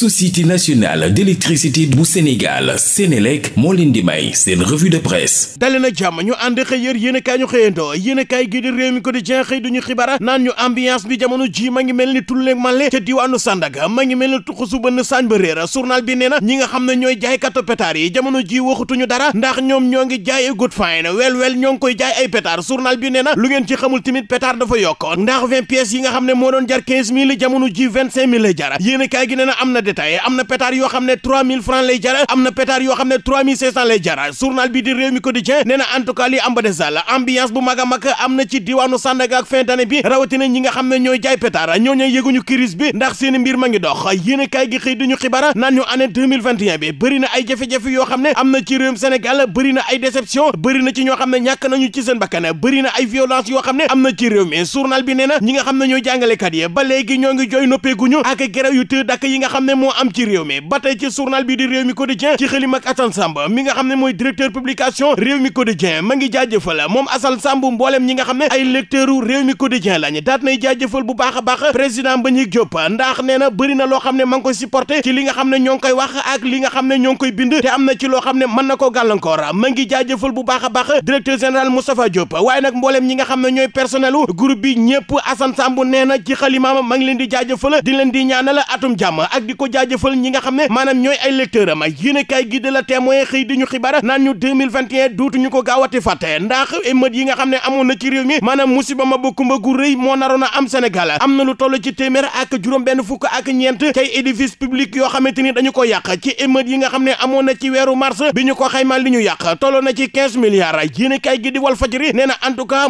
société nationale d'électricité bu Sénégal Sénélec moo leen di may seen revue de presse dali jàmm ñu ànd xëy yér ñu xëyandoo yéen gi di réew mi quotidien xëy duñu xibara naan ñu ambiance bi jamono ji ma ngi mel ni tulleeg male ca diwaanu Sandaga ma ngi mel ni tuxusu bënn saañ ba réera journal bi nee ñi nga xam ne ñooy jaaykatu pétard yi jamono ji waxutuñu dara ndax ñoom ñoo ngi jaay good fine wel wel ñoo ngi koy jaay ay pétard gi nee na am na détaillé am na pétard yoo xam ne 3000 francs lay jara am bi di réew mi quotidien nee na en tout cas li bu mag am na ci diwaanu Sandaga ak fin bi rawatina ñi nga xam ne ñooy jaay pétard ñooñu yëguñu crise bi ndax seen mbir ma ngi dox yéen gi xëy duñu xibara naan ñu année 2021 bi bëri na ay jafe-jafe yoo xam ne am na ci réewum Sénégal bëri bëri na ay violence yoo xam ne am na ci réew mi journal bi nee ñi nga xam moo am ci réew mi ba tey ci journal bi di réew mi quotidien ci xëlim ak Assane Samba mi nga xam ne mooy directeur publication réew mi quotidien ma ngi jaajëfal moom Assane Samb mbooleem ñi nga xam ne ay lecteuru réew mi quotidien lañu daat nay jaajëfal bu baax a baax président Mbagnick Diop ndax nee na bëri na loo xam ne ma ngi ko supporté ci li nga xam ne ñoo ngi koy wax ak li nga xam ne ñoo koy bind te am na ci loo xam ne mën na ko gàllankoor ma ngi jaajëfal bu baax a baax directeur général nga xam ne ñooy personnel u groupe bi ñëpp Assane Samb nee na ci xalimaam ma ngi leen di jaajëfal di jaajëfal ñi nga xam ne maanaam ñooy ay lecteur am yéenekaay gi de la témoin xëy di ñu xibaar naan ñu 2021 duutuñu ko gaawati fàtte ndax émeute yi nga xam ne amoon na ci réew mi maanaam musiba ma ba kumba gu rëy moo naroon a am Sénégal am na lu toll ci téeméer ak juróom benn fukk ak ñeent cay édifice public yoo xamante ni dañu ko yàq ci émeute yi nga xam ne amoon na ci weeru mars bi ñu ko xaymaa li ñu yàq tolloo na ci 15 milliards yéenekaay gi di Walf Fadjri nee na en tout nga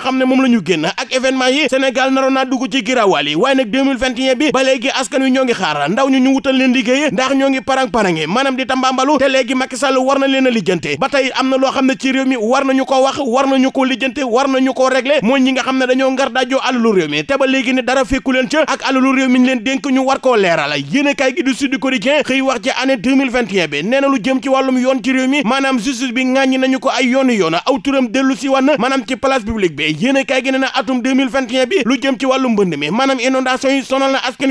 xam ne moom la ñu génn ak événement yi Sénégal naroon naa dugg ci giraawal yi waaye nag 2021 bi ñoo ngi xaar ndaw ñu ñu wutal leen liggéey ndax ñoo ngi parang-parange maanaam di tambambalu te léegi Macky war na leen a lijjante ba tey am na loo xam ne ci réew mi war nañu ko wax war na ñu ko lijjante war nañu ko régler mooy ñi nga xam ne dañoo ngar daajoo alalu réew te ba léegi ne dara fekku leen ca ak alalu réew mi leen dénk ñu war ko leeral yéene kaay gi du Sud Quotidien xëy wax ci année 2021 bi nee na lu jëm ci wàllum yoon ci réew mi bi ŋàññi ko ay yoonu yoon aw turam dellu si wan maanaam ci place publique bi yéene kaay gi nee lu jëm ci wàllum mbënd mi maanaam inondation yi na askan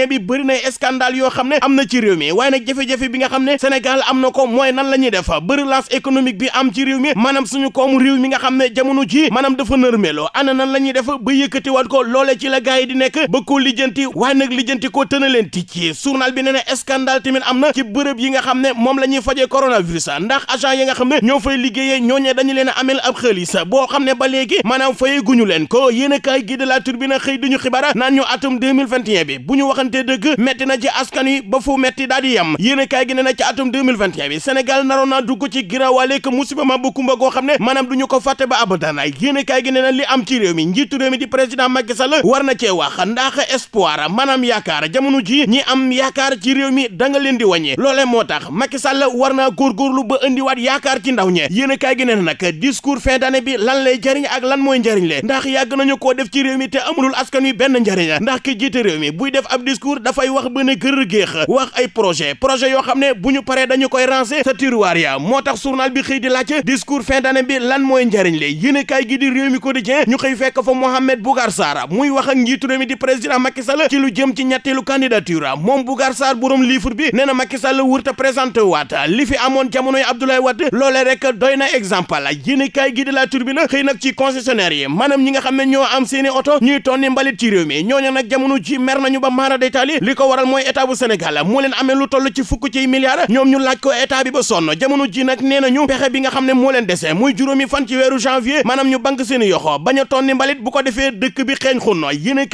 quotidien bi bëri na scandale yoo xam ne am na ci réew mi waaye nag jafe-jafe bi nga xam ne Sénégal am na ko mooy nan la ñuy def ba relance bi am ci réew mi maanaam suñu koomu réew mi nga xam ne jamono ji maanaam dafa nërmeeloo ana nan la def ba yëkkatiwaat ko loole ci la gars yi di nekk ba ko lijjanti waaye nag lijjanti ko tëna leen ticci journal bi nee na scandale am na ci bërëb yi nga xam ne moom la fajee coronavirus ndax a amel ab xaalis waxante dëgg metti na ci askan wi ba fu metti daal di yem yéen a gi ne na ci atum 2021 bi Sénégal naroon dugg ci giraawaaleeg musiba ma bu kumba goo xam ne maanaam du ñu ko fàtte ba abadan ay yéen a gi ne na li am ci réew mi njiitu mi di président Macky Sall war na cee wax ndax espoir maanaam yaakaar jamono ji ñi am yaakaar ci réew mi da nga leen di wàññee loolee moo tax Macky Sall war naa góorgóorlu ba indiwaat yaakaar ci ndaw ñe yéen a kaay gi ne na nag discours fin lan lay jëriñ ak lan mooy njëriñ le ndax yàgg nañu koo def ci réew mi te amulul askan wi benn njëriñ ndax ki jiite réew mi buy discours dafay wax ba ne gër wax ay projet projet yoo xam ne bu ñu paree dañu koy ranger sa tiroir ya moo tax journal bi xëy di laajte discours fin bi lan mooy njariñ li yéene kaay gi réew mi quotidien ñu xëy fekk fa Mohamed Bougar Sarr muy wax ak di président Macky ci lu jëm ci ñetteelu candidature moom Bougar Sarr borom livre bi nee na Macky Sall wër te présenté amoon jamonoy Abdoulaye Wade loolee rek doy na exemple Italie li ko waral mooy état bu Sénégal moo leen amee lu toll ci fukk ciy milliards ñoom ñu laaj ko état bi ba sonn jamono ji nag nee nañu a tonni mbalit bu ko defee dëkk bi xeeñ xunno yéen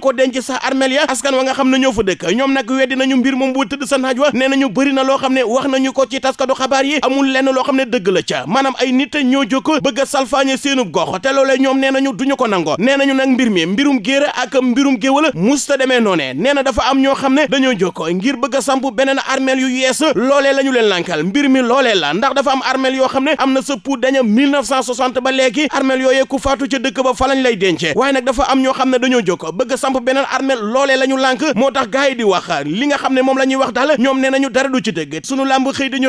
ko denc sax armeel ya askan wa nga xam ne ñoo fa dëkk ñoom nag weddi nañu mbir moom bu tëdd sa naaj wa nee nañu bëri na loo xam ne wax nañu ko ci taskatu xabaar yi amul lenn loo xam ne dëgg la ca maanaam ay nit ñoo jóg bëgg a salfaañe seenub gox te loolee ñoom nee nañu duñu ko nango nee nañu nag mbir mi mbirum géer ak mbirum géwël musta demee noonee nee na dafa am ñoo xam ne dañoo jokko ngir bëgg a samp beneen armeel yu yees loolee lañu ñu leen lànkal mbir mi loole la ndax dafa am armeel yoo xam ne am na sëppu daña 1960 ba léegi armeel yooyee ku faatu ca dëkk ba fa lañ lay dencee waaye nag dafa am ñoo xam ne dañoo jokko bëgg a samp beneen armeel loolee la ñu moo tax gars di wax li nga xam ne moom la ñuy wax daal ñoom nee nañu dara du ci dëgg sunu làmb xëy di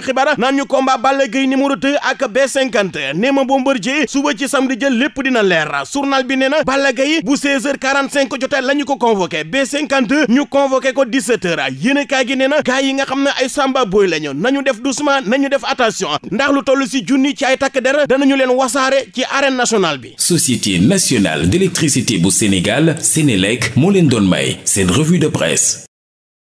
Bombardier suba ci samedi jël lépp dina leer journal bi nee na Balla bu 16h45 jotee la ñu ko convoqué B52 ñu convoqué ko 17h yéenekaay gi nee na gars yi nga xam ne ay samba boy la ñu nañu def doucement nañu def attention ndax lu toll si junni ci ay takk der danañu leen wasaare ci arène nationale bi. Société nationale d'électricité bu Sénégal Sénélec moo leen doon may seen revue de presse.